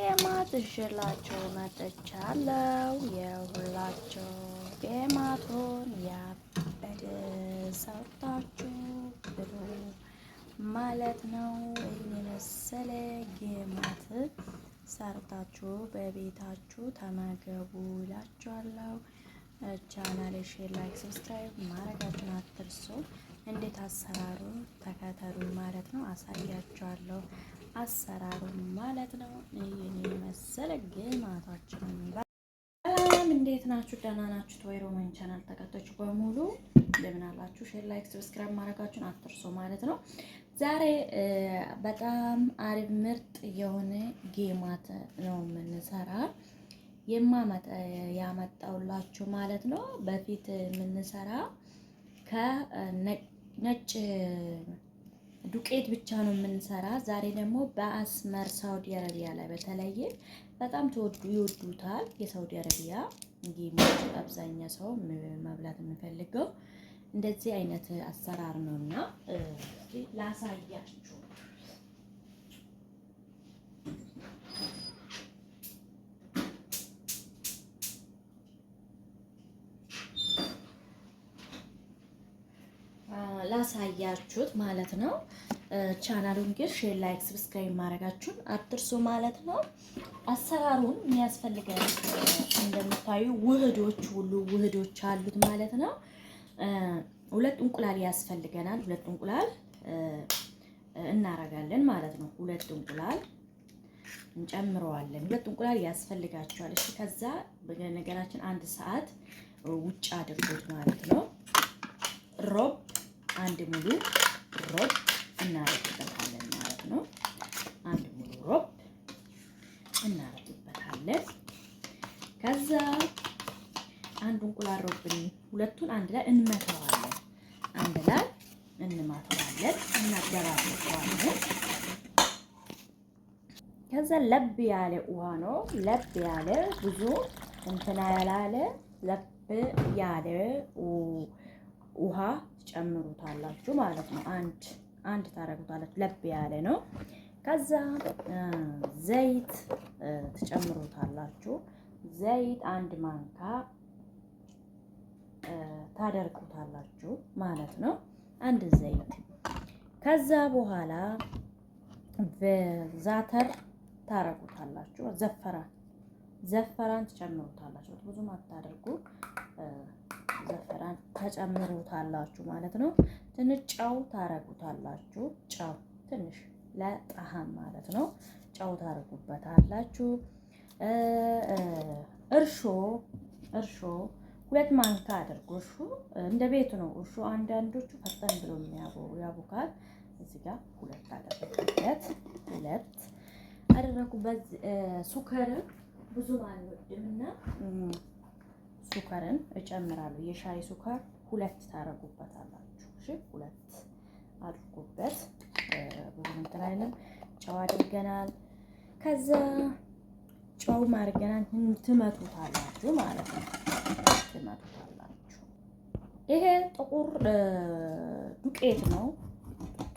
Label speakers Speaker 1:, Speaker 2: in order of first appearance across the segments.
Speaker 1: ጌማት እሽላችሁ መጥቻለሁ። የሁላችሁ ጌማቱን ያበደ ሰርታችሁ ብሉ ማለት ነው። የመሰለ ጌማት ሰርታችሁ በቤታችሁ ተመገቡ ይላችኋለሁ። ቻናሌ ሼር፣ ላይክ፣ ሰብስክራይብ ማድረጋችሁን አትርሱ። እንዴት አሰራሩ ተከተሉ ማለት ነው። አሳያችኋለሁ አሰራሩ ማለት ነው። ይህን የመሰለ ግማታችንን ሰላም፣ እንዴት ናችሁ? ደህና ናችሁ? ሮማን ቻናል ተከታዮች በሙሉ እንደምን አላችሁ? ሼር፣ ላይክ፣ ሰብስክራይብ ማድረጋችሁን አትርሱ ማለት ነው። ዛሬ በጣም አሪፍ ምርጥ የሆነ ጌማት ነው የምንሰራ የማመጣ ያመጣውላችሁ ማለት ነው። በፊት የምንሰራ ከነጭ ዱቄት ብቻ ነው የምንሰራ። ዛሬ ደግሞ በአስመር ሳውዲ አረቢያ ላይ በተለየ በጣም ተወዱ ይወዱታል። የሳውዲ አረቢያ ጌሞች አብዛኛ ሰው መብላት የምፈልገው እንደዚህ አይነት አሰራር ነው እና ላሳያችሁ ላሳያችሁት ማለት ነው። ቻናሉን ግን ሼር፣ ላይክ፣ ሰብስክራይብ ማድረጋችሁን አትርሱ ማለት ነው። አሰራሩን የሚያስፈልገን እንደምታዩ ውህዶች ሁሉ ውህዶች አሉት ማለት ነው። ሁለት እንቁላል ያስፈልገናል። ሁለት እንቁላል እናረጋለን ማለት ነው። ሁለት እንቁላል እንጨምረዋለን። ሁለት እንቁላል ያስፈልጋቸዋል። እሺ ከዛ በነገራችን አንድ ሰዓት ውጭ አድርጎት ማለት ነው። ሮብ አንድ ሙሉ ሮብ እናረግበታለን ማለት ነው። አንድ ሙሉ ሮብ እናረግበታለን። ከዛ አንዱ እንቁላል ሮብን ሁለቱን አንድ ላይ እንመተዋለን። አንድ ላይ እንማተዋለን፣ እናደራርቀዋለን። ከዛ ለብ ያለ ውሃ ነው። ለብ ያለ ብዙ እንትና ያላለ ለብ ያለ ውሃ ጨምሩታላችሁ ማለት ነው። አንድ አንድ ታረጉታላችሁ። ለብ ያለ ነው። ከዛ ዘይት ትጨምሩታላችሁ። ዘይት አንድ ማንካ ታደርጉታላችሁ ማለት ነው። አንድ ዘይት ከዛ በኋላ በዛተር ታረጉታላችሁ። ዘፈራን ዘፈራን ትጨምሩታላችሁ። ብዙም አታደርጉ። ዘፈራን ተጨምሩታላችሁ ማለት ነው። ትንሽ ጨው ታረጉታላችሁ። ጨው ትንሽ ለጣህም ማለት ነው። ጨው ታረጉበታላችሁ። እርሾ እርሾ ሁለት ማንካ አድርጉ። እርሾ እንደ ቤት ነው። እርሾ አንዳንዶቹ ፈጠን ብሎ ያቦካል። እዚህ ጋር ሁለት አደረጉበት። ሁለት አደረጉበት። ሱከር ብዙ ማለት ሱከርን እጨምራለሁ። የሻይ ሱከር ሁለት ታረጉበታላችሁ። እሺ ሁለት አድርጉበት። ብዙም እንትን አይልም። ጨው አድርገናል። ከዛ ጨው አድርገናል። ትመቱታላችሁ ማለት ነው። ትመቱታላችሁ። ይሄ ጥቁር ዱቄት ነው።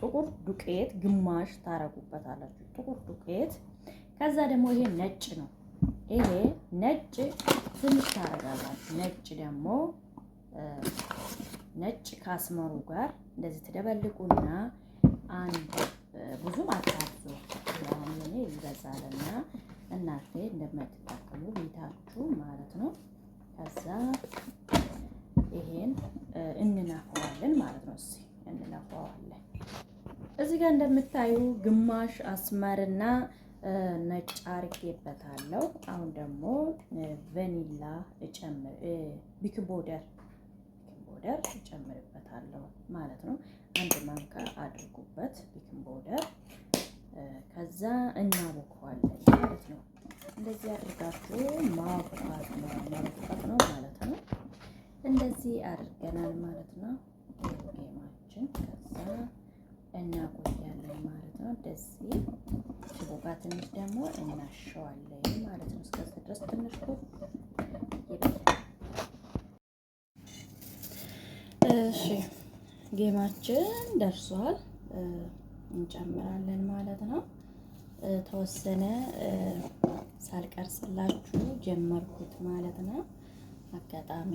Speaker 1: ጥቁር ዱቄት ግማሽ ታረጉበታላችሁ። ጥቁር ዱቄት ከዛ ደግሞ ይሄ ነጭ ነው ይሄ ነጭ ትንሽ ታረጋላችሁ። ነጭ ደግሞ ነጭ ከአስመሩ ጋር እንደዚህ ትደበልቁና አንድ ብዙም አታብዙ። አሁን እኔ ይበዛልና እናንተ እንደምትጠቀሙ ቤታችሁ ማለት ነው። ከዛ ይሄን እንነፋዋለን ማለት ነው። እስኪ እንነፋዋለን። እዚህ ጋር እንደምታዩ ግማሽ አስመርና ነጭ አርጌበታለሁ። አሁን ደግሞ ቫኒላ እጨምር ቤኪንግ ፓውደር ፓውደር እጨምርበታለሁ ማለት ነው። አንድ ማንካ አድርጉበት ቢክን ፓውደር። ከዛ እናቦከዋለን ማለት ነው። እንደዚህ አድርጋችሁ ማብቃት ነው ማብቃት ነው ማለት ነው። እንደዚህ አድርገናል ማለት ነው። ጌማችን ከዛ እናቆያለን ማለት ነው። ደስ ውሃ ትንሽ ደግሞ እናሸዋለን ማለት ነው። እስከዚህ ድረስ ትንሽ እሺ፣ ጌማችን ደርሷል። እንጨምራለን ማለት ነው። ተወሰነ ሳልቀርጽላችሁ ጀመርኩት ማለት ነው። አጋጣሚ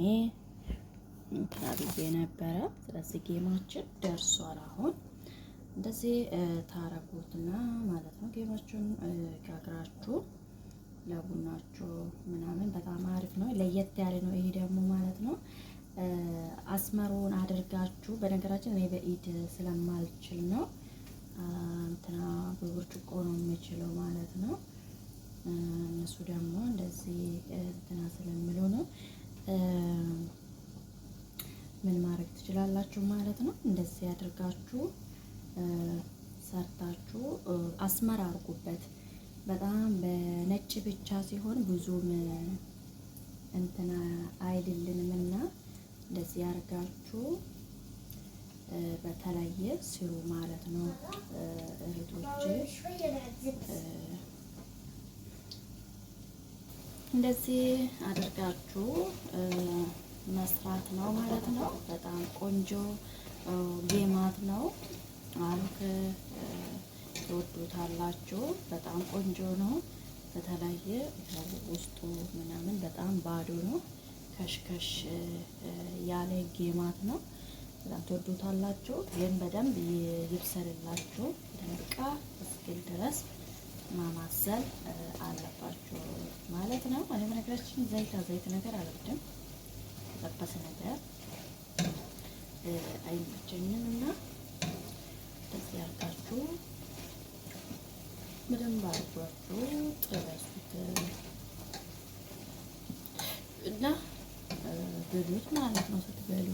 Speaker 1: እንትን ብዬ ነበረ። ስለዚህ ጌማችን ደርሷል አሁን እንደዚህ ታረጉትና ማለት ነው። ጌማችሁን ጋግራችሁ ለቡናችሁ ምናምን በጣም አሪፍ ነው። ለየት ያለ ነው ይሄ ደግሞ ማለት ነው። አስመሮን አድርጋችሁ በነገራችን እኔ በኢድ ስለማልችል ነው እንትና በብርጭቆ ነው የምችለው ማለት ነው። እነሱ ደግሞ እንደዚህ እንትና ስለሚሉ ነው ምን ማድረግ ትችላላችሁ ማለት ነው። እንደዚህ አድርጋችሁ ሰርታችሁ አስመራርጉበት። በጣም በነጭ ብቻ ሲሆን ብዙም እንትና አይድልንም እና እንደዚህ አርጋችሁ በተለየ ስሩ ማለት ነው እህቶች። እንደዚህ አድርጋችሁ መስራት ነው ማለት ነው። በጣም ቆንጆ ጌማት ነው። ትወዱታላችሁ። በጣም ቆንጆ ነው። በተለየ ውስጡ ምናምን በጣም ባዶ ነው። ከሽከሽ ያለ ጌማት ነው። በጣም ትወዱታላችሁ። ግን በደንብ ይብሰልላችሁ። በደንብ ቃ እስኪል ድረስ ማማሰል አለባችሁ ማለት ነው። እኔ በነገራችን ዘይታ ዘይት ነገር አልወድም። ተጠበሰ ነገር አይመቸኝም እና እንደዚህ አድርጋችሁ በደንብ አድርጓችሁ ጥበሱት እና ብሉት ማለት ነው ስትበሉ